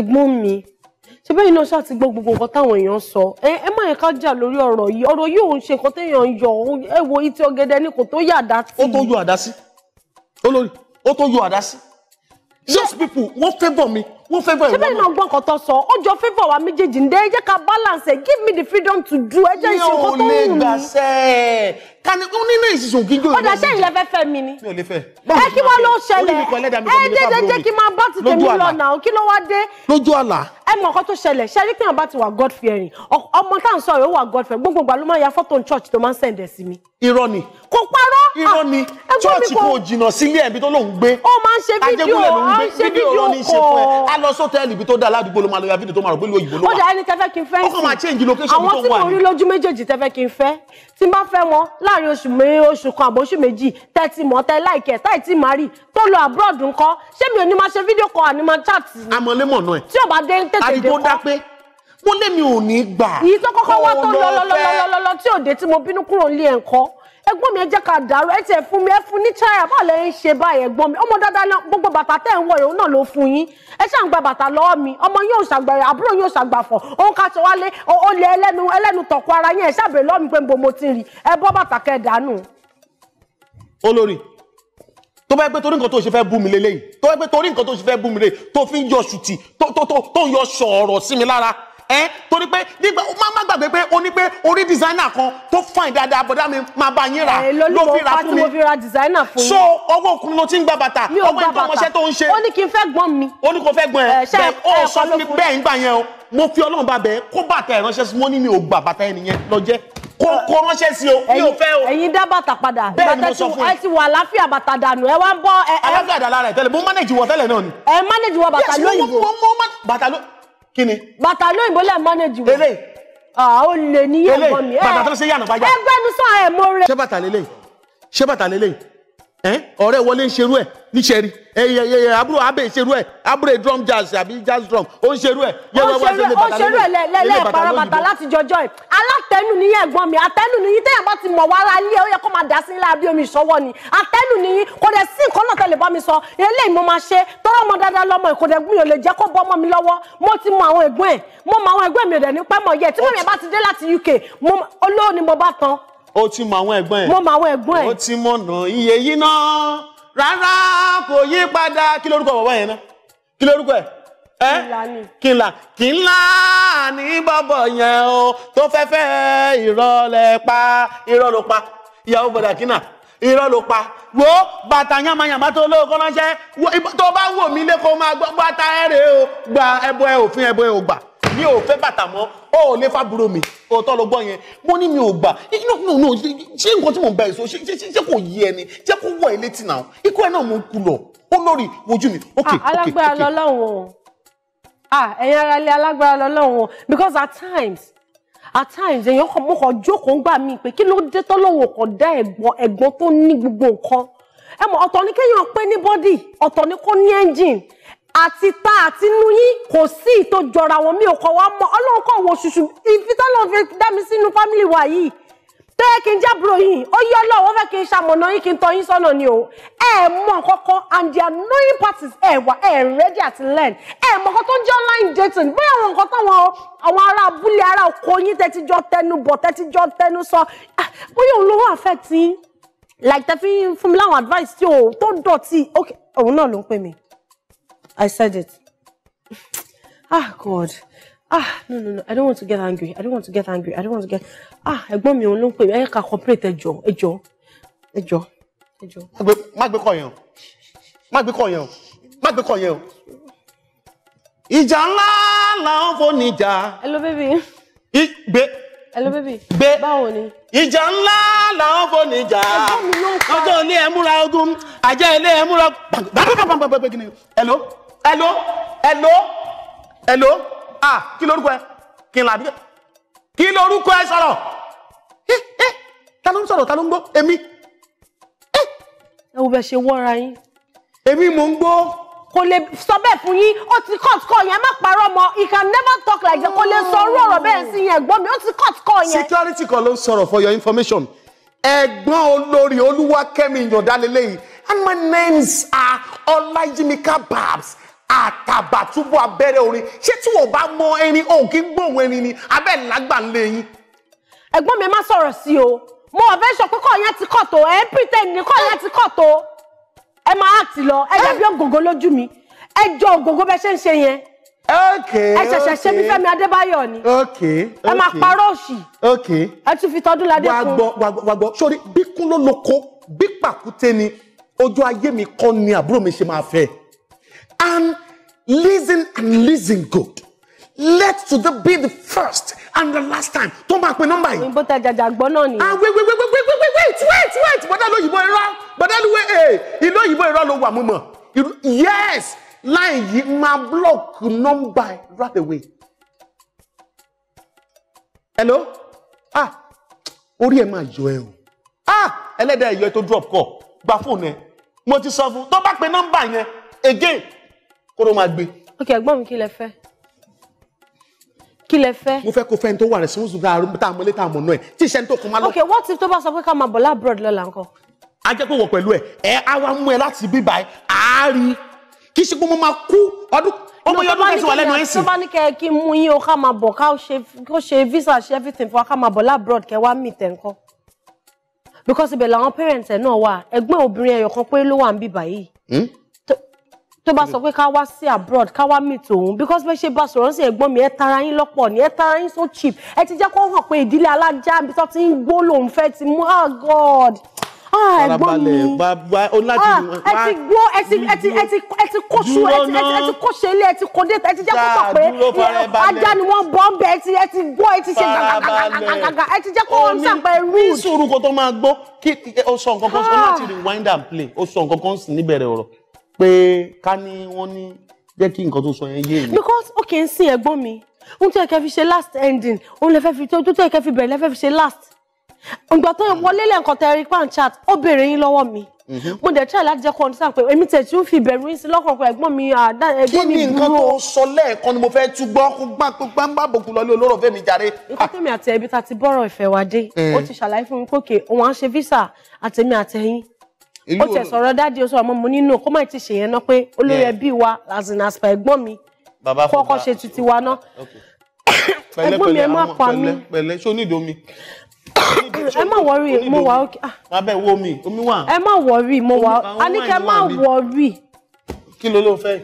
ẹ̀gbọ́n mi ṣe bẹ́ẹ̀ iná ṣáà ti gbọ́ gbogbo nǹkan táwọn èèyàn sọ ẹ má yẹn ká jà lórí ọ̀rọ̀ yìí ọ̀rọ̀ yìí òun ṣe nǹkan téèyàn ń yọ ẹ wo ìtì ọ̀gẹ̀dẹ̀ ni kò tó yà dá sí. ó tó yọ àdá sí olórí ó tó yọ àdá sí just people wọ́n fẹ́ bọ̀ mi wọ́n favour ìwọ náà. síbẹ̀ náà gbọ́n kan tó sọ ọjọ́ favour wa méjèèjì ń dẹ́ ẹ jẹ́ ká balance ẹ give me the freedom to do ẹ jẹ́ ìṣòro tó wù mí. mi ò lè gbàṣẹ́ kani ó ní ní ìṣìṣò gígùn. ọ̀dà ṣé ìlẹ̀ fẹ́ fẹ́ mi ni. mi ò lè fẹ́. ẹ kí wọ́n ló ṣẹlẹ̀ ẹ jẹ́jẹ́ jẹ́ kí n máa bá ti tèmi lọ nà kí ló wá dé. lójú àlà. ẹ mọ nǹkan tó ṣẹlẹ̀ ṣe rí pé àwọn bá ti wà god fearing ọmọ tá à ń sọ rẹ̀ ó wà god fearing gbogbo ìgbà ló máa ya fọ́tò church tó máa ń sẹ̀ǹdẹ̀ sí mi. irọ́ ni. kò parọ́. irọ́ ni ah, church kò jìnnà sílé ẹ̀mí tó lóun gbé. ó máa ń ṣe fídíò ó ń ṣe fídíò kọ́ wá lọ sọ́tẹ́ẹ̀lì ibi tó dáa ládùúgbò ló máa lọ ya fídíò tó máa rò pé lóyìnbó ló wà. ó dàá ẹni tẹ́fẹ́ kí n fẹ́ ń sìn ọkọ̀ máa change location tó wà ní. àwọn tí mo rí lójú méjèèjì tẹ́fẹ́ kí n fẹ́ tí n bá fẹ́ wọn láàrin oṣù méje oṣù kan àbọ̀ oṣù méjì tẹ́tí mọ́ tẹ́ láìkẹ́ táì tí màá rí tó lọ abroad ńkọ́ ṣé mi ò ní máa ṣe fídíò kan àní máa chat. amọ̀lémọ̀ náà ẹ̀ tí ò bá dé tètè dé kọ́ mo lé mi mo ẹ̀gbọ́n mi ẹ jẹ́ ká dàrú ẹ tiẹ̀ fún mi ẹ fún ní chaya báwo lẹ ń ṣe báyìí ẹ̀gbọ́n mi ọmọ dáadáa náà gbogbo bàtà tẹ ń wọ òun náà ló fún yín ẹ ṣàǹgbà bàtà lọ́wọ́ mi ọmọ yóò ṣàgbà rẹ àbúrò yóò ṣàgbà fọ òun ká tó wálé ó lé ẹlẹ́nu ẹlẹ́nu tọ̀kọ ara yín ẹ ṣàbẹ̀ lọ́wọ́ mi pé nbo mo ti rì ẹ bọ́ bàtà kẹ dànù. olórí tó bá yẹ pé torí nǹkan tó ṣe fẹ́ bú mi lélẹ́yìn tó bá yẹ pé torí nǹkan tó ṣe fẹ́ bú mi lélẹ́yìn tó fi ń yọ ṣùtì tó ń yọ ṣọ̀ọ̀rọ̀ sí mi lára ẹ torí pé nígbà má má gbàgbé pé o ní pé orí designer kan tó fine dáadáa bọ̀dá mi máa bá yín rà ló fi ra fún mi so ọwọ́ òkun ló ti ń gba bàtà ọwọ́ ìgbọ́mọṣẹ́ tó ń ṣe ó ní kí n fẹ́ gbọ́n mi ó ní kò fẹ́ gbọ́n ẹ bẹ́ẹ̀ ó sọ fún mi bẹ́ẹ̀ ń gbà yẹn o mo fi ọlọ́run bá bẹ́ẹ̀ kó bàtà ẹ̀ sí mo ní mi bàtà ẹ̀ nìyẹn lọ jẹ́ kó kó ránṣẹ́ sí o mi ò fẹ́ o. ẹ̀yin dá bàtà padà bẹ́ẹ̀ ni ti wà láfíà bàtà dànù ẹ wá ń bọ́. aláfíà dà lára ẹ tẹ́lẹ̀ mo manage wọ tẹ́lẹ̀ náà ni. ẹ manage wọ bàtà lóyìnbó. yes mo mo bàtà lóyìnbó kí ni. bàtà lóyìnbó lẹ manage wọn. eléyìí. àà ó lè ní yẹn mọ mi. eléyìí bàtà tó ń ṣe yànnà bàjá. ẹgbẹ́ nusọ̀ ẹ̀ mọ́re. ṣé bàtà lélẹ́yìí ṣé bàtà lélẹ́yìí ọ̀rẹ́ wọlé ń ṣerú ẹ̀ níṣẹ́rí ẹyẹ àbúrò abe ṣerú ẹ̀ àbúrò drum jazz àbí jazz drum ó ń ṣerú ẹ̀. ó ṣerú ó ṣerú ẹ̀ lẹ́lẹ́ ẹ̀pàrọ̀ bàtà láti jọjọ́ ẹ̀ alátẹnu nìyẹn ẹ̀gbọ́n mi atẹnu nìyí téèyàn bá ti mọ̀ wá ara ilé ó yẹ kó máa dà sí ńlá bí ìṣọwọ́ ni atẹnu nìyí kò dẹ̀ sí nǹkan náà tẹ̀lé bá mi sọ eléyìí mo máa ṣe tọ́rọ ọmọ dáadáa lọ́mọ kò dẹ̀ gbìyànjú lè jẹ́ kó bọ́ ọmọ mi lọ́wọ́ mo ti mọ àwọn ẹ̀gbọ́n ẹ̀ mo mọ àwọn ẹ̀gbọ́n mi ò dẹ̀ ní pẹ́ UK olóò ni mo o ti mọ àwọn ẹ̀gbọ́n ẹ̀. mo mọ àwọn ẹ̀gbọ́n ẹ̀. o ti mọ̀nà iye yìí náà rárá kò yí padà kí lórúkọ bàbá yẹn náà kí lórúkọ ẹ̀ kìnlá kìnlá ní bọ́bọ̀ yẹn o tó fẹ́fẹ́ ìrọ̀lẹ́ pa irọ́ pa ìyàwó bọ̀dà kìnà irọ́ pa wo bàtà yamayama tó lóko ránṣẹ́ tó bá wò mí lẹ́kọ̀ọ́ máa gbọ́ bàtà ẹ̀rẹ́ o gba ẹbọ ẹ òfin ẹbọ ẹ ò gbà mi ò fẹ́ bàtà mọ́ ó ò lè fàbúrò mi ó tọ́ lọ gbọ́ yẹn mo ní mi ò gbà no no no ṣé nǹkan tí mò ń bá ẹ sọ ṣé ṣé ṣé kò yé ẹni jẹ́ kó wọ̀ ẹ́ létí náà ikú mo kú lọ ó lórí ojú mi ok ok ah, ok alágbára lọ́lọ́run o ah, ẹ̀yin ara lé alágbára lọ́lọ́run o because at times at times èèyàn kan mo kàn jókòó ń gbà mí pé kí ló dé tọ́lọ́wọ́ kàn dá ẹ̀gbọ́n ẹ̀gbọ́n tó ní gbogbo nǹkan ẹ mọ̀ ọ̀tọ̀ ni kéèyàn pé ní bọ́dì ọ̀tọ̀ ni kó ní ẹ́ńjìn àti ta àti inú yín kò sí ìtò jọra wọn mi ò kọ wá mọ ọlọ́run kọ̀ wọ ṣùṣù ìfitọ́lọ́ fi dá mi sínú fámìlì wa yìí tó yẹ kí n jábúrò yìí ó yẹ ọlọ́run ó fẹ́ kí n ṣamọ̀nà yín kí n tọ́ yín sọ́nà ni o ẹ mọ kọ́kọ́ and their knowing parties ẹ wà ẹ ready to learn ẹ mọ kọ́ tó ń jẹ́ online dating bóyá àwọn nǹkan táwọn àwọn ará abúlé ará oko yín tẹ́tí jọ tẹnu bọ̀ tẹ́tí jọ tẹnu sọ ah, bóyá òun ló wà fẹ́ like tẹ́ fi fún mi láwọn advice tí o tó dọ̀tí ok òun náà ló ń pè mí I said it. Ah, God. Ah, no, no, no. I don't want to get angry. I don't want to get angry. I don't want to get. Ah, I mi òun ló ń pè mí. Ẹ ká cooperate ẹjọ́ ẹjọ́ ẹjọ́ ẹjọ́. Má gbé kọ yẹn o. Má gbé be yẹn o. Má gbé kọ yẹn o. Ìjà ńlá làwọn fò Hello baby. I Ìgbé. Hello baby. Gbé. Báwo ni? Ìjà ńlá I fò níjà. Ẹ̀gbọ́n mi ló ń pa. Ọjọ́ ilé ẹ̀ múra ogun. Àjẹ́ ilé ẹ̀ múra. Hello hello hello hello ah kí lorúkọ ẹ kí n là bíkẹ́ kí lorúkọ ẹ sọ̀rọ̀ ẹ ẹ ta ló ń sọ̀rọ̀ ta ló ń gbọ́ èmi ẹ. ẹ wo bẹ ṣe wọra yín. èmi mò ń gbọ́ kò lè sọ bẹ́ẹ̀ fún yín ó ti cut call yẹn má parọ́ mọ́ he can never talk like that kò lè sọ orú ọ̀rọ̀ bẹ́ẹ̀ sí yẹn ẹ̀gbọ́n mi ó ti cut call yẹn. security kan ló ń sọ̀rọ̀ for your information ẹ̀gbọ́n olórí olúwakẹ́mi ìyọ̀dálélẹ́yìn and my names are ọlájímíkà babs àtàbàtúbú abẹ́rẹ́ orin ṣé tí wọ́n bá mọ ẹni o kì gbóhùn ẹni ni abẹ́ làgbà ń yín. ẹ̀gbọ́n mi má sọ̀rọ̀ sí o mo wà fẹ́ sọ pé kọ́ yẹn ti kọ̀ tó ẹ̀ ń pretend ní kọ́ yẹn ti kọ̀ tó ẹ máa àti lọ ẹ dàbí ògògó lójú mi ẹ jọ ògògó bẹ ṣe ń ṣe yẹn ẹ ṣẹ̀ṣẹ̀ ṣe bí Fẹ́mi Adébáyọ̀ ni ẹ máa parọ́ òṣì ẹ tún fi tọdún ládé fún. wàgbọ́ sórí bíkún ló lóko bí pàkúté ni ojú ayé mi kọ́ ni àbúrò mi ṣe máa fẹ́ And listen and listen good. Let today be the first and the last time. Tó máa pe nọ́mbà yìí. Ìbò tàjàjà gbọ́ náà ni. Ah wait wait wait wait wait wait wait wait bọ́dá lóyìnbó irọ́ bọ́dá lóyìnbó ee ìlú òyìnbó irọ́ ló wà mú mọ̀. Yes láì yìí máa block nọ́mbà right away. Hello? Ah orí ẹ̀ máa yọ ẹ o. Ah ẹlẹ́dàá ẹ̀yọ́ ẹ tó drop call gba fóònù ẹ. Mo ti sọ fún tó bá pe nọ́mbà yẹn again kó máa gbé. ok ẹ̀gbọ́n mi kí lẹ fẹ́ kí lẹ fẹ́. mo fẹ́ kó fẹ́ tó wà rẹ̀ sínú tá a mọ tá a mọ náà ẹ̀ tí ìṣẹ́ ní tó kún máa lọ. ok what if tó bá sọ pé ká máa bọ̀ lábúrọ̀d lọ́la nǹkan. a jẹ́ pé wọ̀ pẹ̀lú ẹ̀ ẹ̀ á wá mú ẹ láti bíbá ẹ̀ àárí kì í ṣe pé mo máa kú ọdún ọmọ yọdún kẹsàn-án wà lẹ́nu ẹ̀sìn. tó bá ní kẹ kí mú yín o ká máa bọ̀ ká ṣe visa ṣe everything fún wa ká máa bọ̀ lábúrọ̀d kẹ wá mì tẹ̀ because ibẹ̀ làwọn parents ẹ̀ náà wà ẹgbẹ́ obìnrin ẹ̀yọ̀kan pé ló wà ń bíbá yìí. Hmm? tó bá sọ pé ká wá sí abroad ká wá meet òun because bẹ́ẹ̀ ṣe bá sọ̀rọ̀ sí ẹ̀gbọ́n mi ẹ tara yín lọ́pọ̀ ni ẹ tara yín so cheap ẹ ti jẹ́ kó hàn pé ìdílé alájà ibi tó ti ń gbó lòun fẹ́ ti mú ah god ah ẹ̀gbọ́n mi ah ẹ ti gbó ẹ ti ẹ ti ẹ ti ẹ ti kóṣù ẹ ti ẹ ti kóṣe ilé ẹ ti kó dé ẹ ti jẹ́ kó mọ̀ pé ajá ni wọ́n bọ́ ń bẹ ẹ ti ẹ ti gbó ẹ ti ṣe gàgàgàgàgà ẹ ti jẹ́ kó wọn pé ká ní wọ́n ní jẹ́ kí nǹkan tó sọ yẹn yé mi. because ó kì í sin ẹ̀gbọ́n mi ohun tó yẹ kẹ́ fi ṣe last ending òun lè fẹ́ fi tó tó yẹ fi bẹ̀rẹ̀ lè fi ṣe last ìgbà tó wọlé lẹ́ǹkan tẹ̀rí pan chat ó béèrè yín lọ́wọ́ mi mhm. mo dẹ̀ try láti jẹ́ kó understand pé èmi tẹ̀ tí ó fi bẹ̀rù yín sí lọ́kàn pé ẹ̀gbọ́n mi àdá ẹ̀gbọ́n dúró. kí ni nǹkan tó sọ lẹ́ẹ̀kan ni mo fẹ́ ó tẹ̀ sọ̀rọ̀ dáàdi ó sọ àmọ́ mo nínú kó má ti ṣe yẹn ná pé olórí ẹbí wa lazin aspa ẹ̀gbọ́n mi kọ́kọ́ ṣe tuntun wa ná ẹ̀gbọ́n mi ẹ má pa mí pẹ̀lẹ́ ṣó nídìí omi ẹ má wọrí mo wà ókè. Ah. abẹ́ wo mi omi wà. ẹ má wọrí mo wà á ní kẹ́ má wọrí. kí ló ló fẹ́.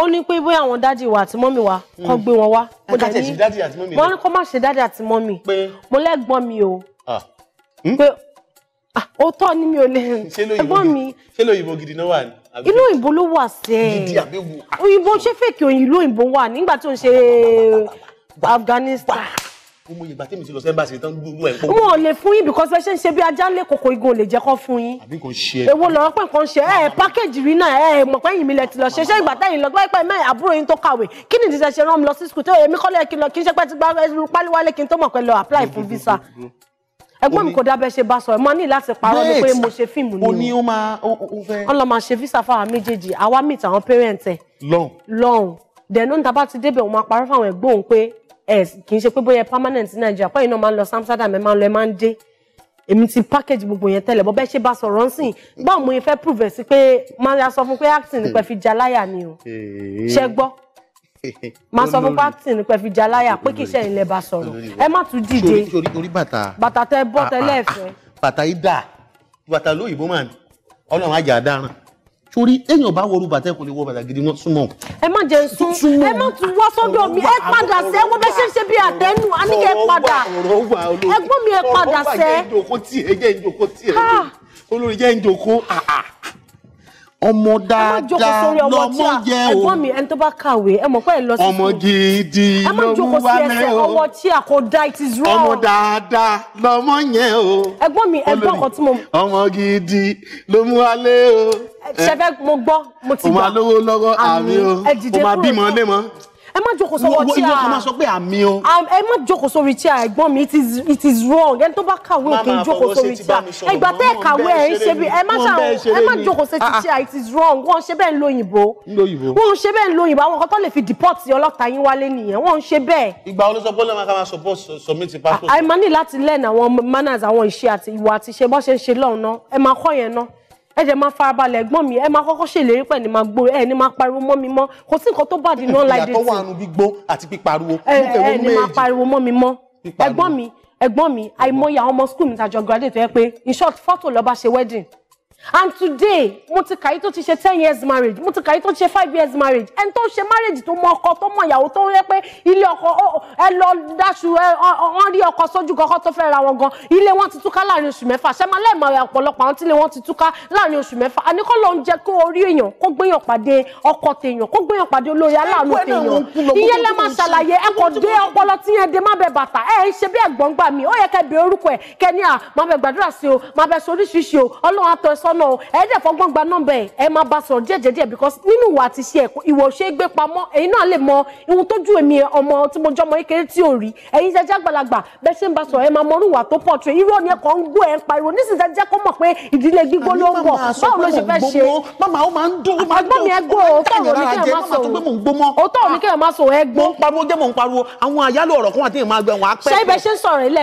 ó ní pé bóyá àwọn dájì wa àti mọ́mì wa kọ́ hmm. gbé wọn wá. mo dẹ̀ ní mo ní kó má ṣe dájì àti mọ́mì. pé mo lẹ́gbọ́n mi o. Ah. Hmm? pé Ah, òótọ́ ni mi ò lè ẹ̀gbọ́n mi ṣé lóyìnbó gidi náà wà ní. ìlú òyìnbó ló wà sẹ́ẹ̀ gidi àbẹ̀wò òyìnbó ṣé fèkì òyìnbó òyìnbó wà nígbà tó ń ṣe Afghanistan mo yìí gbàtí mi ti lọ sí ẹmbàsì tán gbogbo ẹ̀ pọ̀. wọn ò lè fún yín because ẹ ṣe ń ṣe bí ajá lé kòkó igun ò lè jẹ́ kó fún yín. èwo lọ́rọ́ pé nǹkan ṣe ẹ package rí náà ẹ mọ̀ pé yìí mi lẹ ti lọ ṣe ṣé ìgbà tẹ́yìn lọ gbọ́dọ̀ pé mẹ́rin àbúrò yín tó kàwé kí ni ìdíje ṣe rán mi lọ sí skul tó èmi kọ́lé kí n ṣe pẹ́ ti gbá pálíwálé kí n tó mọ̀ pé lọ apply fún visa ẹ̀gbọ́n mi kò dábẹ́ ṣe bá sọ ẹ máa ní láti parọ́ ni pé mo ṣe fíìmù ni o ní o máa o fẹ́. ọlọ máa ṣe físà fáwọn méjèèjì àwa meet àwọn parent ẹ. lọ́hùn. lọ́hùn dẹ̀nu níta bá ti débẹ̀ òun máa parọ́ fáwọn ẹ̀gbọ́n òun pé ẹ kì í ṣe pé bóyá permanent ní nàìjíríà pẹ́yìn náà máa ń lọ samsada mẹ́ máa ń lọ ẹ máa ń dé èmi ti package gbogbo yẹn tẹ́lẹ̀ bọ́ bẹ́ẹ̀ ṣe bá sọ̀rọ̀ ń sìn báwo mo yẹn fẹ́ prove ẹ̀ sí pé máa sọ fún pé acting nípa fi jaláyà ni o ṣẹ́ gbọ́ máa sọ fún pátì ní pẹ́ fi jẹ aláyà pé kì í ṣe ilẹ̀ bá sọ̀rọ̀ ẹ má tún dìde orí bàtà bàtà tẹ bọ́ ah, tẹ́lẹ̀ ah, ẹ̀fẹ́. Ah, bàtà yìí dà bàtà lóyìnbó máa ní ọlọ́run àjà àdáràn torí èèyàn bá wọrú bàtà kò lè wọ bàtà gidi náà súnmọ́. ẹ má jẹ sún ẹ má tún wá sọ́dọ̀ mi ẹ padà sẹ wọn bẹ ṣe ṣe bí àtẹnu àníkẹ padà ẹ̀gbọ́n mi ẹ padà sẹ. ọ̀rọ̀ wà jẹ́ ìjòkó tí ẹ olórí jẹ́ ìjòkó àà ọmọ dáadáa lọmọ yẹ o ẹ̀gbọ́n mi ẹni tó bá kàwé ẹ mọ̀ pé ẹ lọ sí school ọmọ gidi ló wá lẹ o ọmọ tí a kò da it is wrong ọmọ dáadáa lọmọ yẹ o ẹ̀gbọ́n mi ẹ̀gbọ́n kan tí mo. ọmọ gidi ló mú wa lé o. ṣẹfẹ mo gbọ́ mo ti gbà o máa lówó lọ́wọ́ àmì o o máa bímọ lé mọ ẹ má jókòó sọ wọ́n tí a ìwọ kan máa sọ pé ẹ má jókòó sórí tí a ẹ̀gbọ́n mi it is wrong ẹni tó bá kàwé òkè jókòó sórí tí a ẹgbà tẹ́ ẹ̀ kàwé ẹ̀ ń ṣe bí ẹ má jókòó sí tí a it is wrong wọ́n ṣe bẹ́ẹ̀ ń lo òyìnbó wọ́n ṣe bẹ́ẹ̀ ń lo òyìnbó àwọn kan tó lè fi deport ọlọ́ta yín wálé nìyẹn wọ́n ṣe bẹ́ẹ̀. ìgbà wo ló sọ pé ó lè máa ká máa support submit passport. ẹ máa ní ẹ jẹ́ máa farabalẹ̀ ẹ̀gbọ́n mi ẹ máa kọ́kọ́ ṣèlérí pẹ̀ ní máa gbòòrò ẹ ní máa pariwo mọ́ mi mọ́ kò sí nǹkan tó bá di non-life dating. ìyàtọ̀ wà nù gbígbó àti pípariwo. ẹ ẹ ní máa pariwo mọ́ mi mọ́ ẹ̀gbọ́n mi ẹ̀gbọ́n mi àìmọye àwọn ọmọ skul mi tàjọ graduate tó pé in short fọ́tò lọ́ba ṣe wedding and today mo ti kàyí tó ti ṣe ten years marriage mo ti kàyí tó ti ṣe five years marriage ẹni tó ṣe marriage tó mọ ọkọ tó mọ ìyàwó tó yẹ pé ilé ọkọ ẹ lọ dáṣu ẹ wọn rí ọkọ sójú kọkọ tó fẹ́ ra wọn gan ilé wọn ti túká láàrin oṣù mẹ́fà ṣé máa lẹ́ẹ̀mọ ọ̀pọ̀lọpọ̀ àwọn tílé wọn ti túká láàrin oṣù mẹ́fà àníkọ́ ló ń jẹ́ kó orí èèyàn kó gbéyàn pàdé ọkọ tèèyàn kó gbéyàn pàdé olóyè aláàánú tèèyàn ìyẹn lẹ́ máa ṣàlàyé ẹ kò dé ọpọlọ tí yẹn dé má bẹ sọ́nà o ẹ dẹ̀ fọgbọ́n gba nọ́mbà ẹ̀ ẹ máa bá sọ̀rọ̀ díẹ̀ díẹ̀ because nínú ìwà àti iṣẹ́ ẹ̀kọ́ ìwọ ṣe é gbé pamọ́ ẹ̀yin náà lè mọ ihun tójú èmi ọmọ tí mo jọmọ kékeré tí ò rí ẹ̀yin jẹjẹ àgbàlagbà bẹ́ẹ̀ ṣe ń bá sọ̀rọ̀ ẹ máa mọrú ìwà tó pọ̀ tó irọ́ ni ẹ̀kọ́ ń gbó ẹ̀ ń pariwo nísìnyí jẹ́ kó mọ̀ pé ìdílé gbígbó ló ń bọ̀ báwo ló ṣe fẹ́ ṣe. mama ó máa ń dún ó máa ń dún ó máa ń tàn máa sọ ẹ gbọ́. mo ń pariwo jẹ́ mo ń pariwo àwọn àyálò ọ̀rọ̀ kan wà tí èèyàn máa gbẹ wọn á pẹ́. ṣé ibẹ̀ ṣe ń sọ̀rọ̀ ilé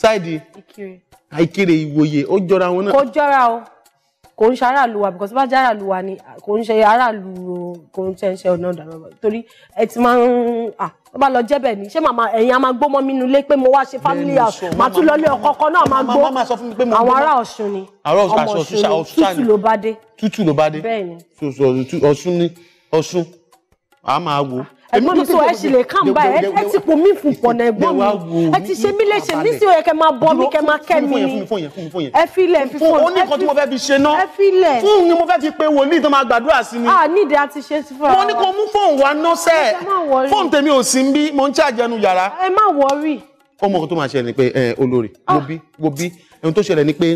ṣáìdì àìkèrè ìwòye ó jọra wọn náà. kò jọra o kò ń ṣe aráàlú wa because bá jẹ́ aráàlú wa ni kò ń ṣe aráàlú kò ń ṣe ṣe ọ̀nà ọ̀dà lọ́wọ́ torí ẹ ti máa ń à tó bá lọ jẹ́ bẹ̀ ni ṣé màmá ẹ̀yin a máa gbó mọ́ mi nulẹ̀ pé mo wá ṣe family house màá tún lọ lé ọkọ ọkọ náà máa gbó àwọn ará Ọ̀ṣun ni ọmọ Ọ̀ṣun ni tútù ló bá dé bẹ́ẹ̀ ni Ọ̀ṣun ni Ọ̀ṣun a máa wo ẹ̀gbọ́n mi sọ ẹ ṣì lè kàn bá ẹ ẹ ti pò mí fún pọ̀nà ẹ̀gbọ́n mi ẹ ti ṣe mí léṣe ní sí òye kẹ máa bọ́ mi kẹ máa kẹ́ mi ni ẹ filẹ̀ fi fún ọ ní kan tí mo fẹ́ fi ṣe náà ẹ filẹ̀ fún ni mo fẹ́ fi pe wòlíì tó máa gbàdúrà sí ni. a nídìí a ti ṣe sí fún wa. mo ní kó mú fóònù wa ná sẹ́ẹ̀ fóònù tèmi ò sí bí mo ń ṣàjẹnu yàrá. ẹ má wọrí. ọmọ kan tó máa ṣe ni pé olórí wo ah. bí wo bí ohun tó ṣẹlẹ̀ ni pé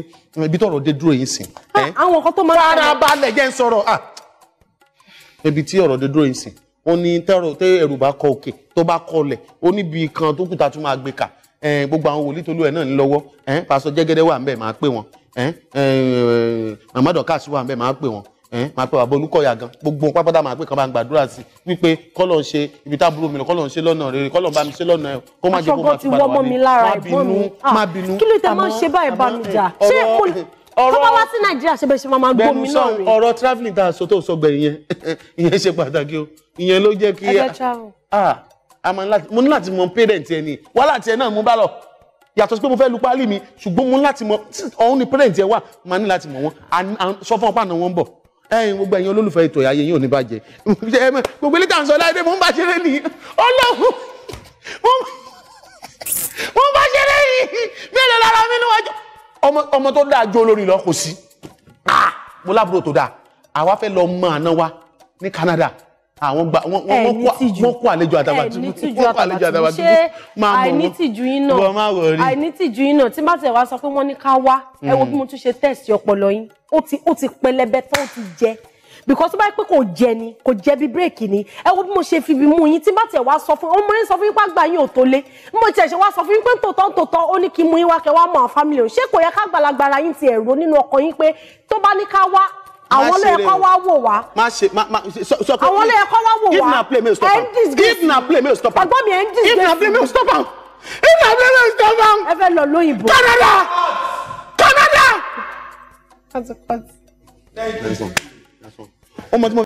ibi tọ̀rọ̀ dé dúró yìí sìn. Ah, àwọn kan tó máa ń sọ̀rọ̀. farabalẹ̀ jẹ́ ń sọ̀rọ̀ ah. ibi tí ó ní tẹ́rọ tẹ́ ẹ̀rù bá kọ òkè tó bá kọlẹ̀ ó níbi kan tó kùtà tó máa gbé kà gbogbo àwọn wòlíì Tolú ẹ̀ náà ń lọ́wọ́ pásọ Jẹ́gẹ́dẹ́ wà ńbẹ̀ máa pè wọ́n màmá dọ̀kásì wà ńbẹ̀ máa pè wọ́n máa pè wà bọ́ Olúkọ̀yà gan gbogbo pápátá máa pè kàn bá ń gbàdúrà sí wípé kọ́lọ̀ ń ṣe ibi táàbúrò mi lọ kọ́lọ̀ ń ṣe lọ́nà rere kọ́lọ̀ ń bá mi ṣe lọ́nà ẹ̀ kó má jẹ́ kó má ti padà wá mi má bínú ah, má bínú. kí ló dé máa ń ṣe báyìí bá mi jà ṣé ọ̀rọ̀ tó bá wá sí nàìjíríà ṣe bẹ́ẹ̀ ṣe máa gbó mi náà rè ọ̀rọ̀ travelling tá a sọ tó sọ gbẹ̀yìn yẹn ìyẹn ṣe pàtàkì o ìyẹn ló jẹ́ kí a máa láti mo ní láti mọ parent ẹ ni wàhálà tiẹ̀ náà mo bá lọ yàtọ̀ sí pé mo fẹ́ lu pálí mi ṣùgbọ́n mo ní láti mọ ọ̀hún ni parent ẹ wà máa ní láti mọ̀ wọ́n sọ fún ọpá náà wọ́n ń ẹyin gbogbo ẹyin olólùfẹ́ ètò ìyá yẹn yóò ní bàjẹ́ gbogbo ilé tàǹsọ̀ láìpẹ́ mò ń bàjẹ́ lẹ́nìí ọlọ́run ọmọ tó dáa jó olórin lọ kò sí ah! mo lábúrò tó dáa àwa fẹ́ lọ mọ àná wa ní Canada àwọn gba wọn kó àlejò àtàbàtúbú wọn kó àlejò àtàbàtúbú máa mọ wọn àìnítìjú yín náà àìnítìjú yín náà tí bá tẹ̀ wá sọ pé wọ́n ní ká wá ẹ wo mm. bí mo tún ṣe tẹ̀sí ọpọlọ yín ó ti pẹlẹbẹ tán ti jẹ because tó bá yẹ pé kò jẹ ni kò jẹ bí bírèkì ni ẹ wo bí mo ṣe fi bí mú yín tí bá tẹ̀ wá sọ fún ọmọ yín sọ fún yín pé àgbà yín ò tó lé mo tiẹ̀ ṣe wá sọ fún yín pé tòótọ́ tòótọ́ ó ní kí mú yín wá kẹ́ wá mọ àwọn fámìlì òun ṣé kò yẹ ká gbalagbara yín ti ẹ̀rọ nínú ọkọ yín pé tó bá ní ká wá àwọn lè wá wò wá. àwọn lè wá wò wá. give na play may stop am na play may stop am. na play may stop am. na play may stop am. ẹ fẹ́ lọ lóyìnbó. Canada That's all. Ô, manda uma